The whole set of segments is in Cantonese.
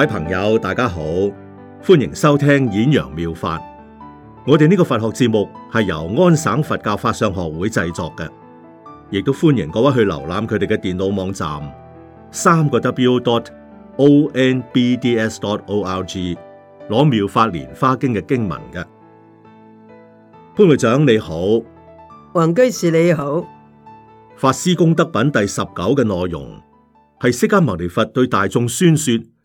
各位朋友，大家好，歡迎收聽演揚妙，妙法。我哋呢個佛學節目係由安省佛教法上學會製作嘅，亦都歡迎各位去瀏覽佢哋嘅電腦網站，三個 W dot O N B D S dot O R G 攞妙法蓮華經嘅經文嘅。潘會長你好，黃居士你好，法師功德品第十九嘅內容係釋迦牟尼佛對大眾宣說。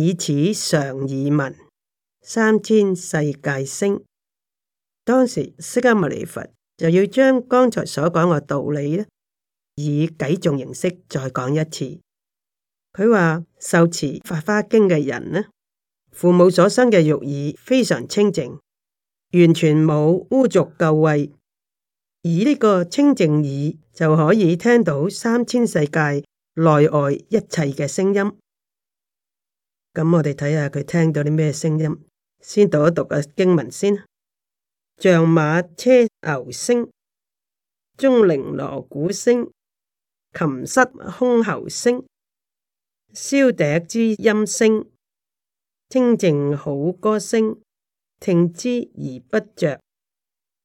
以此常耳聞三千世界聲，當時釋迦牟尼佛就要將剛才所講嘅道理咧，以偈頌形式再講一次。佢話受持《法花經》嘅人呢，父母所生嘅肉耳非常清淨，完全冇污濁垢穢，而呢個清淨耳就可以聽到三千世界內外一切嘅聲音。咁我哋睇下佢聽到啲咩聲音，先讀一讀嘅、啊、經文先。象馬車牛聲、鐘鈴鑼鼓聲、琴瑟箜篌聲、簫笛之音聲、清淨好歌聲，聽之而不着，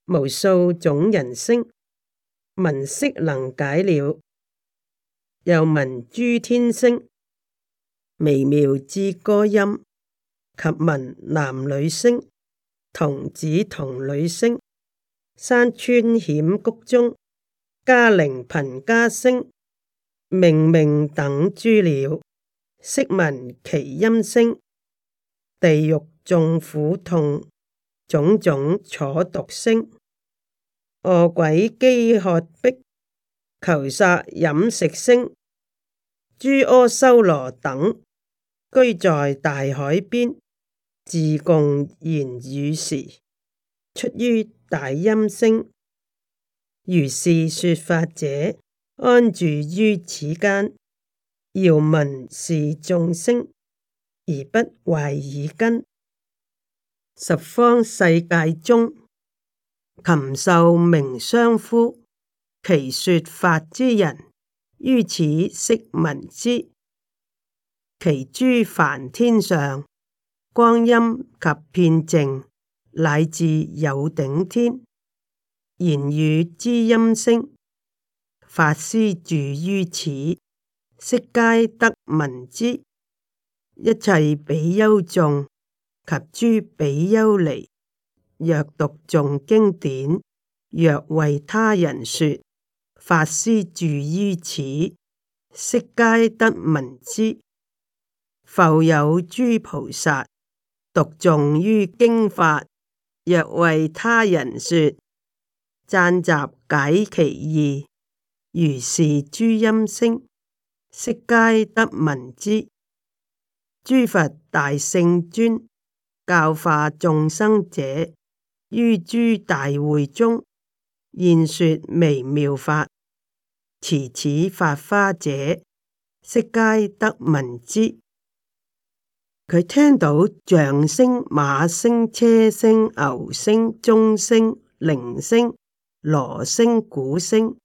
無數種人聲，聞悉能解了，又聞諸天聲。微妙之歌音及聞男女聲、童子童女聲、山川險谷中、迦陵頻伽聲、命命等諸鳥，悉聞其音聲；地獄眾苦痛種種楚毒聲，餓鬼飢渴逼求殺飲食聲。諸阿修羅等居在大海邊，自共言語時，出於大音聲，如是說法者，安住於此間，遙聞是眾聲，而不壞耳根。十方世界中，禽獸鳴相呼，其說法之人。於此悉聞之，其諸梵天上，光陰及遍淨，乃至有頂天，言語之音聲，法師住於此，悉皆得聞之。一切比丘眾及諸比丘尼，若讀誦經典，若為他人說。法師住於此，悉皆得聞知。復有諸菩薩獨誦於經法，若為他人說，讚集解其意。如是諸音聲，悉皆得聞知。諸佛大聖尊教化眾生者，於諸大會中，現說微妙法。持此法華者，悉皆得聞之。佢聽到象聲、馬聲、車聲、牛聲、鐘聲、鈴聲、鑼聲、鼓聲，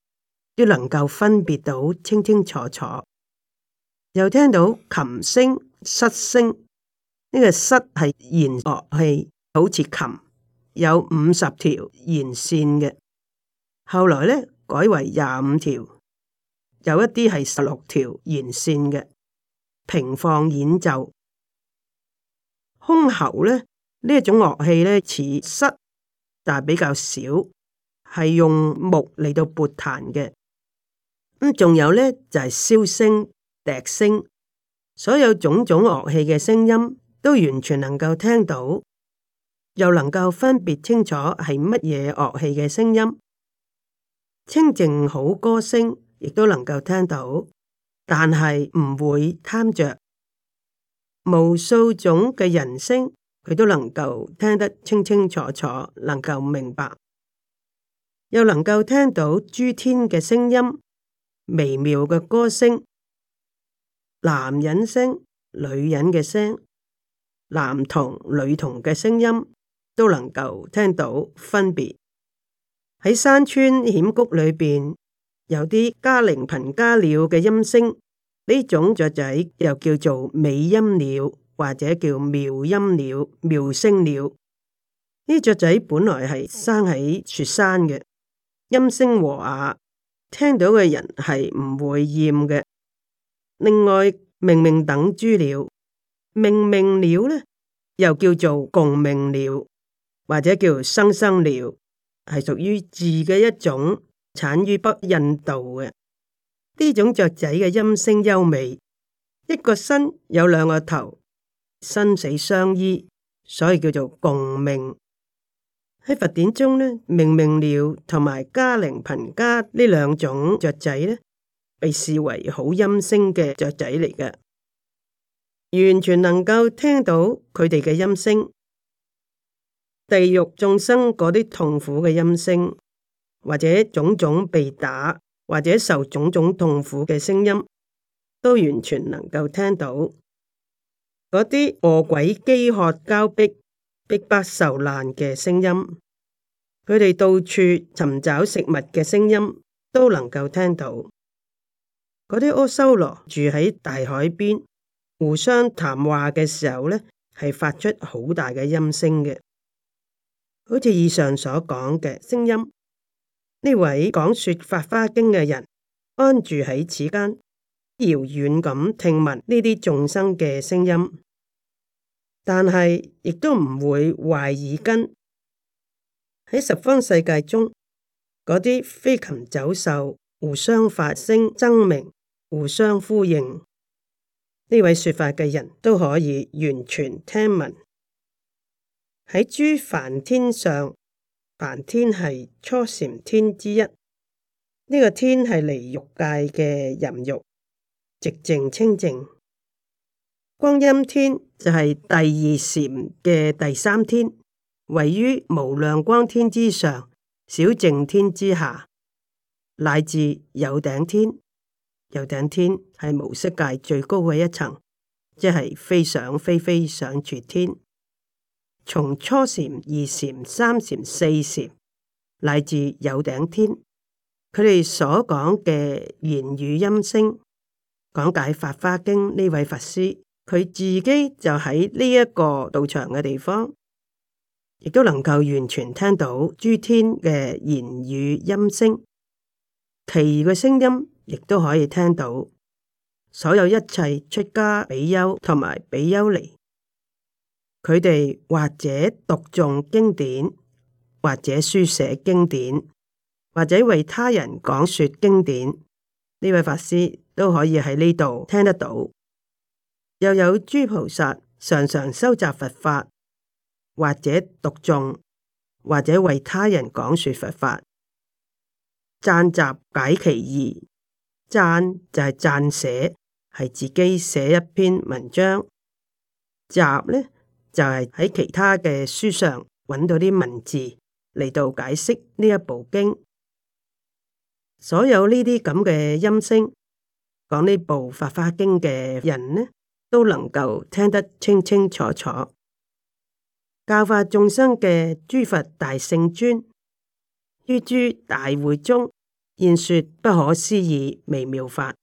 都能夠分別到清清楚楚。又聽到琴聲、瑟聲，呢、這個瑟係弦樂器，好似琴，有五十條弦線嘅。後來咧，改為廿五條。有一啲係十六條弦線嘅，平放演奏。箜篌咧，呢一種樂器咧，似瑟，但係比較少，係用木嚟到撥彈嘅。咁、嗯、仲有咧就係、是、簫聲、笛聲，所有種種樂器嘅聲音都完全能夠聽到，又能夠分別清楚係乜嘢樂器嘅聲音，清靜好歌聲。亦都能夠聽到，但係唔會貪着無數種嘅人聲，佢都能夠聽得清清楚楚，能夠明白，又能夠聽到諸天嘅聲音、微妙嘅歌聲、男人聲、女人嘅聲、男童、女童嘅聲音，都能夠聽到分別喺山川險谷裏邊。有啲迦陵頻伽鳥嘅音聲，呢種雀仔又叫做美音鳥或者叫妙音鳥、妙聲鳥。呢雀仔本來係生喺雪山嘅，音聲和雅，聽到嘅人係唔會厭嘅。另外，命命等珠鳥、命命鳥咧，又叫做共命鳥或者叫生生鳥，係屬於字嘅一種。產於北印度嘅呢種雀仔嘅音聲優美，一個身有兩個頭，生死相依，所以叫做共命。喺佛典中咧，命命鳥同埋迦陵頻伽呢兩種雀仔咧，被視為好音聲嘅雀仔嚟嘅，完全能夠聽到佢哋嘅音聲，地獄眾生嗰啲痛苦嘅音聲。或者種種被打或者受種種痛苦嘅聲音，都完全能夠聽到。嗰啲餓鬼飢渴，渴交逼，逼不受難嘅聲音，佢哋到處尋找食物嘅聲音都能夠聽到。嗰啲阿修羅住喺大海邊，互相談話嘅時候呢，係發出好大嘅音聲嘅，好似以上所講嘅聲音，呢位講說法花經嘅人，安住喺此間，遙遠咁聽聞呢啲眾生嘅聲音，但係亦都唔會壞耳根。喺十方世界中，嗰啲飛禽走獸互相發聲爭鳴，互相呼應，呢位說法嘅人都可以完全聽聞。喺諸梵天上。梵天係初禪天之一，呢、這個天係離欲界嘅淫欲、寂靜、清淨。光音天就係第二禪嘅第三天，位於無量光天之上，少淨天之下，乃至有頂天。有頂天係無色界最高嘅一層，即係非想非非想處天。從初禪、二禪、三禪、四禪乃至有頂天，佢哋所講嘅言語音聲，講解《法華經》呢位法師，佢自己就喺呢一個道場嘅地方，亦都能夠完全聽到諸天嘅言語音聲，其餘嘅聲音亦都可以聽到，所有一切出家比丘同埋比丘尼。佢哋或者讀誦經典，或者書寫經典，或者為他人講說經典，呢位法師都可以喺呢度聽得到。又有諸菩薩常常收集佛法，或者讀誦，或者為他人講說佛法，贊集解其義。贊就係撰寫，係自己寫一篇文章。集呢。就係喺其他嘅書上揾到啲文字嚟到解釋呢一部經，所有呢啲咁嘅音聲講呢部法華經嘅人呢，都能夠聽得清清楚楚。教化眾生嘅諸佛大聖尊於諸大會中現說不可思議微妙法，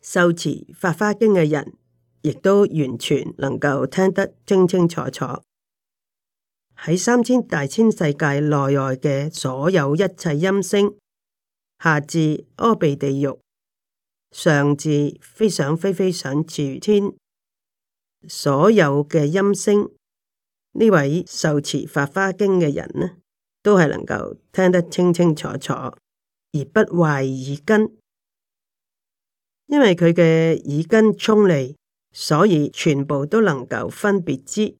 受持法華經嘅人。亦都完全能夠聽得清清楚楚，喺三千大千世界內外嘅所有一切音聲，下至阿鼻地獄，上至非想非非想處天，所有嘅音聲，呢位受持法華經嘅人呢，都係能夠聽得清清楚楚，而不壞耳根，因為佢嘅耳根聰利。所以全部都能夠分別知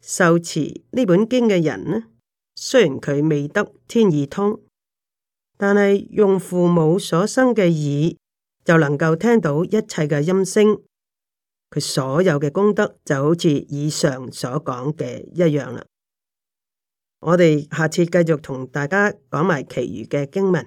受持呢本經嘅人呢，雖然佢未得天耳通，但係用父母所生嘅耳就能夠聽到一切嘅音聲，佢所有嘅功德就好似以上所講嘅一樣啦。我哋下次繼續同大家講埋其餘嘅經文。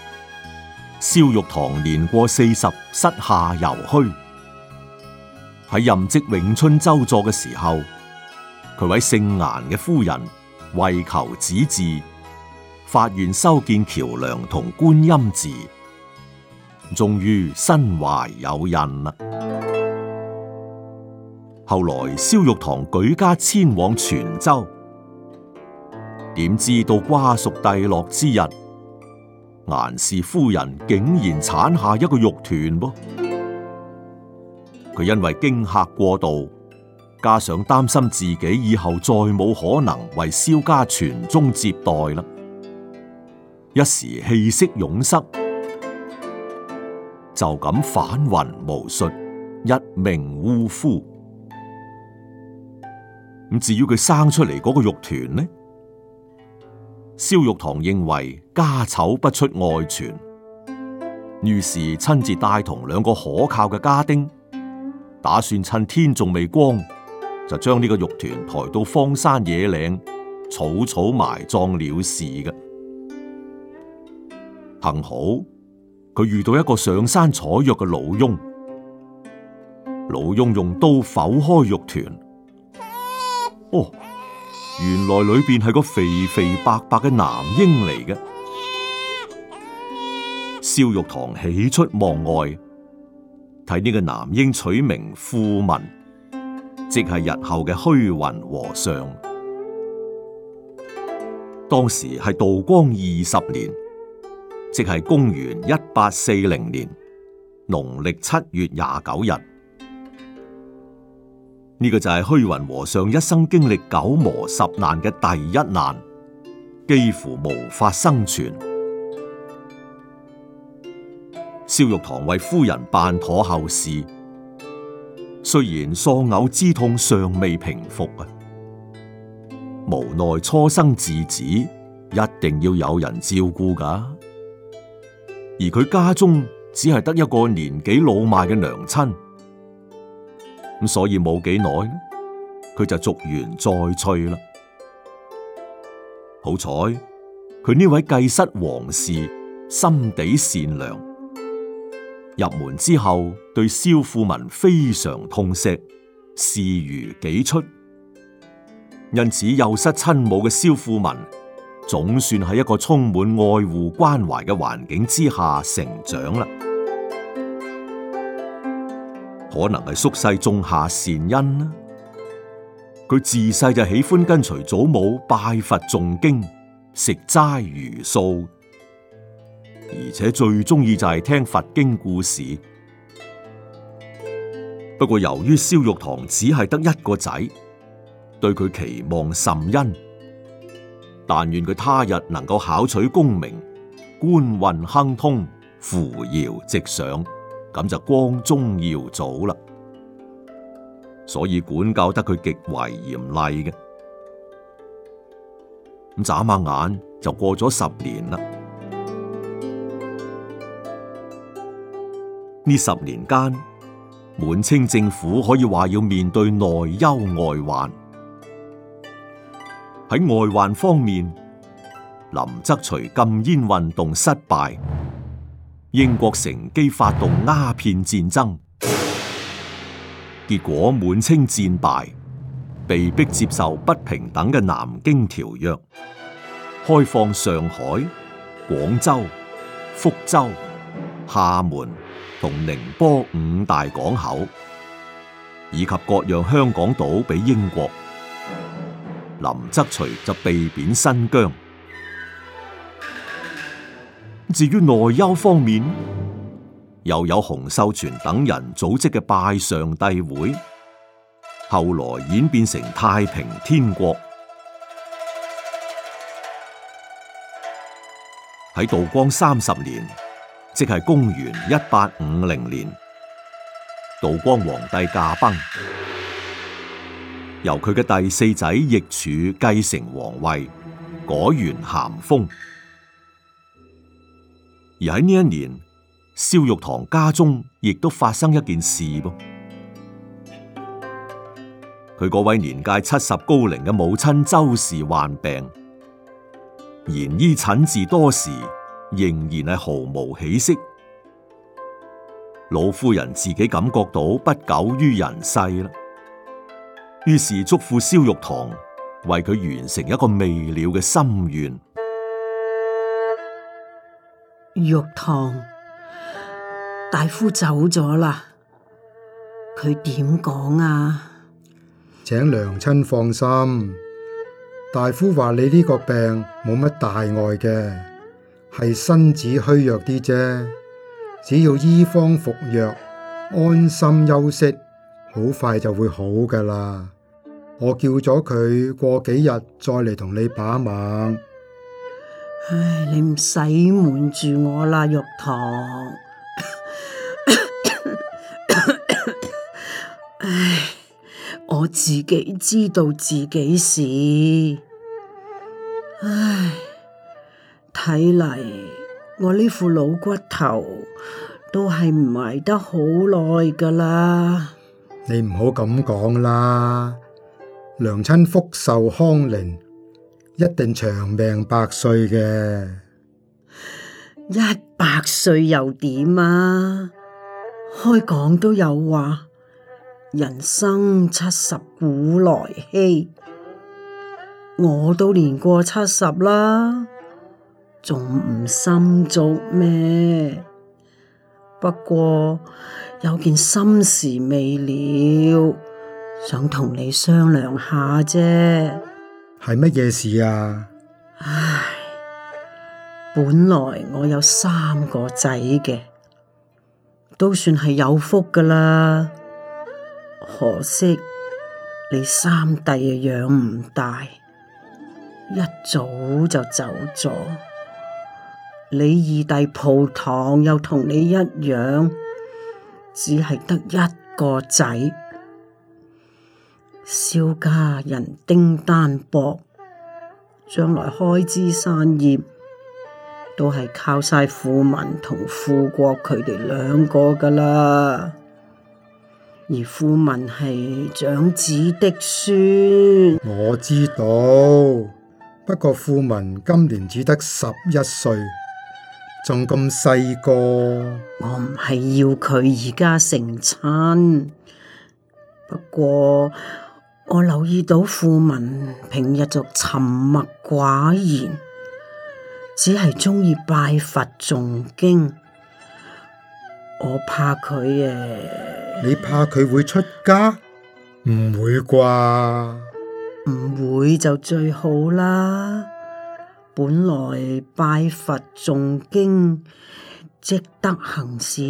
蕭玉堂年過四十，膝下猶虛。喺任職永春州座嘅時候，佢位姓顏嘅夫人為求子嗣，發願修建橋梁同觀音寺，終於身懷有孕啦。後來蕭玉堂舉家遷往泉州，點知到瓜熟蒂落之日。顏氏夫人竟然產下一個肉團噃！佢因為驚嚇過度，加上擔心自己以後再冇可能為蕭家傳宗接代啦，一時氣息壅塞，就咁反魂無術，一命嗚呼。咁至於佢生出嚟嗰個肉團呢？肖玉堂認為家醜不出外傳，於是親自帶同兩個可靠嘅家丁，打算趁天仲未光，就將呢個肉團抬到荒山野嶺，草草埋葬了事嘅。幸好佢遇到一個上山採藥嘅老翁。老翁用刀剖開肉團，哦。原來裏邊係個肥肥白白嘅男嬰嚟嘅，蕭玉堂喜出望外，睇呢個男嬰取名富民，即係日後嘅虛雲和尚。當時係道光二十年，即係公元一八四零年，農曆七月廿九日。呢個就係虛雲和尚一生經歷九磨十難嘅第一難，幾乎無法生存。蕭玉堂為夫人辦妥後事，雖然喪偶之痛尚未平復啊，無奈初生稚子一定要有人照顧㗎，而佢家中只係得一個年紀老邁嘅娘親。咁所以冇幾耐，佢就續弦再娶啦。好彩，佢呢位繼室王氏心地善良，入門之後對蕭富民非常痛惜，視如己出。因此，幼失親母嘅蕭富民，總算喺一個充滿愛護關懷嘅環境之下成長啦。可能係宿世種下善因，啊，啦。佢自細就喜歡跟隨祖母拜佛誦經、食齋茹素，而且最中意就係聽佛經故事。不過由於蕭玉堂只係得一個仔，對佢期望甚殷，但願佢他，他日能夠考取功名，官運亨通，扶搖直上。咁就光宗耀祖啦，所以管教得佢極為嚴厲嘅。咁眨下眼就過咗十年啦。呢十年間，滿清政府可以話要面對內憂外患。喺外患方面，林則徐禁煙運動失敗。英國乘機發動鴉片戰爭，結果滿清戰敗，被迫接受不平等嘅《南京條約》，開放上海、廣州、福州、廈門同寧波五大港口，以及割讓香港島俾英國。林則徐就被貶新疆。至於內憂方面，又有洪秀全等人組織嘅拜上帝會，後來演變成太平天國。喺道光三十年，即係公元一八五零年，道光皇帝駕崩，由佢嘅第四仔奕詝繼承皇位，改元咸豐。而喺呢一年，蕭玉堂家中亦都發生一件事噃。佢嗰位年屆七十高齡嘅母親周氏患病，延醫診治多時，仍然係毫無起色。老夫人自己感覺到不久於人世啦，於是囑咐蕭玉堂為佢完成一個未了嘅心願。玉堂，大夫走咗啦，佢點講啊？請娘親放心，大夫話你呢個病冇乜大礙嘅，係身子虛弱啲啫，只要依方服藥，安心休息，好快就會好噶啦。我叫咗佢過幾日再嚟同你把脈。唉，你唔使瞞住我啦，玉堂。 唉，我自己知道自己事。唉，睇嚟我呢副老骨頭都係唔埋得好耐噶啦。你唔好咁講啦，娘親福壽康寧一定長命百歲嘅，一百歲又點啊？開講都有話，人生七十古來稀，我都年過七十啦，仲唔心足咩？不過有件心事未了，想同你商量下啫。係乜嘢事啊？唉，本來我有三個仔嘅，都算係有福噶啦。可惜你三弟啊養唔大，一早就走咗。你二弟蒲堂又同你一樣，只係得一個仔。蕭家人丁單薄，將來開枝散葉都係靠晒富民同富國佢哋兩個㗎喇。而富民係長子的孫，我知道。不過富民今年只得十一歲，仲咁細個，我唔係要佢而家成親。不過。我留意到富民平日就沉默寡言，只係鍾意拜佛誦經。我怕佢誒，你怕佢會出家？唔會啩？唔會就最好啦。本來拜佛誦經積德行善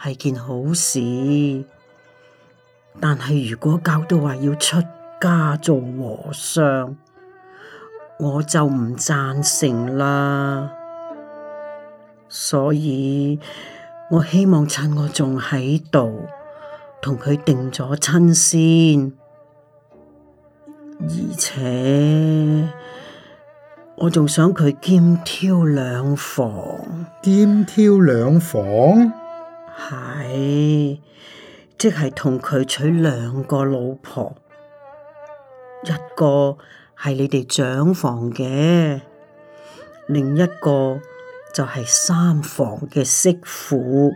係件好事，但係如果搞到話要出。家做和尚，我就唔贊成啦。所以我希望趁我仲喺度，同佢定咗親先。而且我仲想佢兼祧兩房，兼祧兩房，係即係同佢娶兩個老婆。一個係你哋長房嘅，另一個就係三房嘅媳婦。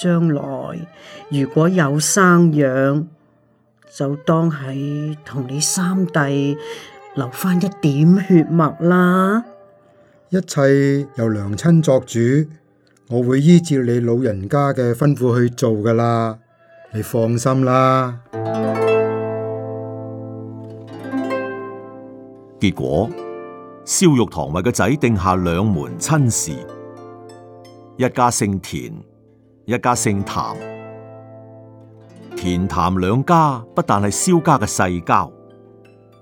將來如果有生養，就當係同你三弟留翻一點血脈啦。一切由娘親作主，我會依照你老人家嘅吩咐去做噶啦，你放心啦。結果，蕭玉堂為個仔定下兩門親事，一家姓田，一家姓譚。田譚兩家不但係蕭家嘅世交，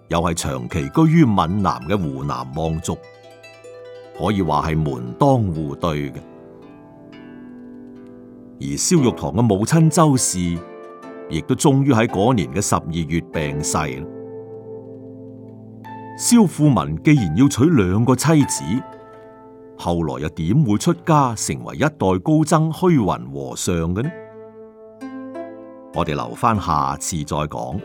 又係長期居於閩南嘅湖南望族，可以話係門當戶對嘅。而蕭玉堂嘅母親周氏，亦都終於喺嗰年嘅十二月病逝。肖富文既然要娶兩個妻子，後來又點會出家成為一代高僧虛雲和尚嘅呢？我哋留翻下,下次再講。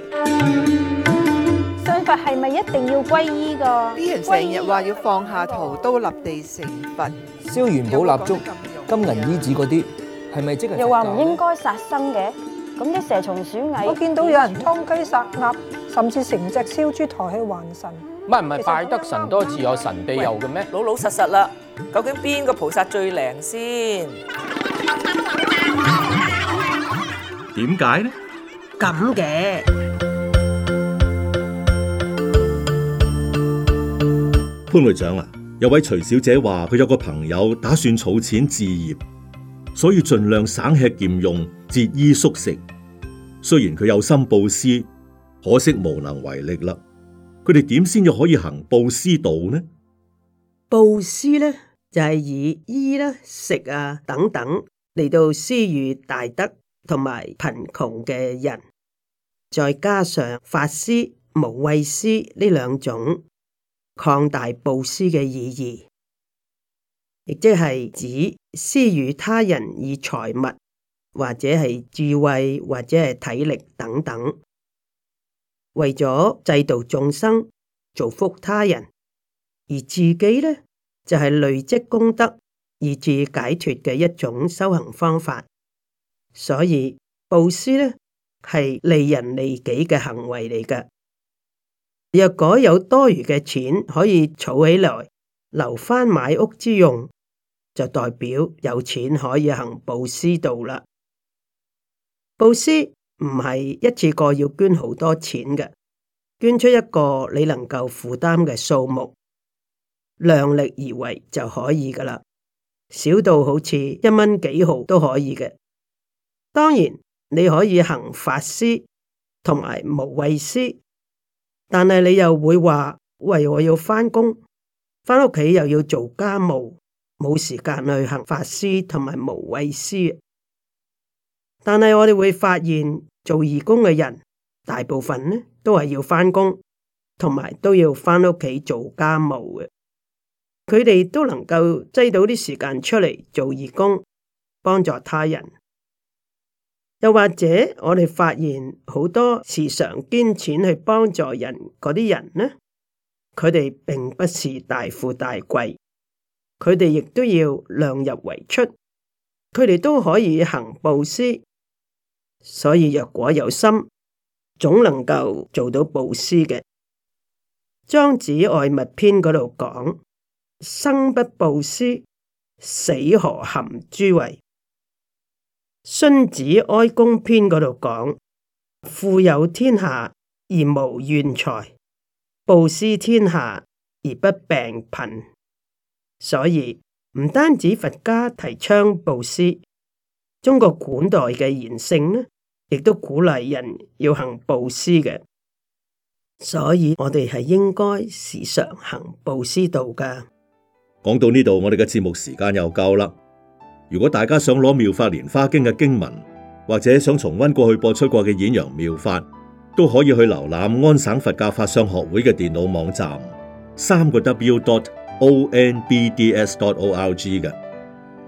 信佛係咪一定要皈依噶？成日話要放下屠刀立地成佛，燒元寶蠟燭、有有金銀衣紙嗰啲，係咪的即係？又話唔應該殺生嘅，咁啲蛇蟲鼠蟻，我見到有人劏雞殺鴨，甚至成隻燒豬抬起還神。唔係唔係，拜得神多自有神庇佑嘅咩？老老實實啦，究竟邊個菩薩最靈先？點解呢？咁嘅潘會長啊，有位徐小姐話佢有個朋友打算儲錢置業，所以盡量省吃儉用，節衣縮食。雖然佢有心布施，可惜無能為力啦。佢哋點先至可以行佈施道呢？佈施咧就係以衣啦、食啊等等嚟到施予大德同埋貧窮嘅人，再加上法施、無畏施呢兩種擴大佈施嘅意義，亦即係指施予他人以財物，或者係智慧，或者係體力等等。為咗濟度眾生、造福他人，而自己咧就係、是、累積功德以致解脱嘅一種修行方法。所以布施咧係利人利己嘅行為嚟㗎。若果有多餘嘅錢可以儲起來，留返買屋之用，就代表有錢可以行布施道啦。布施。唔係一次過要捐好多錢嘅，捐出一個你能夠負擔嘅數目，量力而為就可以㗎喇。少到好似一蚊幾毫都可以嘅。當然你可以行法施同埋無畏施，但係你又會話：喂，我要返工，返屋企又要做家務，冇時間去行法施同埋無畏施。但係我哋會發現。做義工嘅人，大部分呢都係要返工，同埋都要返屋企做家務嘅。佢哋都能夠擠到啲時間出嚟做義工，幫助他人。又或者我哋發現好多時常捐錢去幫助人嗰啲人呢，佢哋並不是大富大貴，佢哋亦都要量入為出，佢哋都可以行布施。所以，若果有心，總能夠做到布施嘅。莊子外物篇嗰度講：生不布施，死何含珠為？荀子哀公篇嗰度講：富有天下而無怨財，布施天下而不病貧。所以，唔單止佛家提倡布施。中國古代嘅賢聖呢，亦都鼓勵人要行布施嘅，所以我哋係應該時常行布施道噶。講到呢度，我哋嘅節目時間又夠啦。如果大家想攞《妙法蓮花經》嘅經文，或者想重溫過去播出過嘅演揚妙法，都可以去瀏覽安省佛教法相學會嘅電腦網站，三個 W dot O N B D S dot O R G 嘅。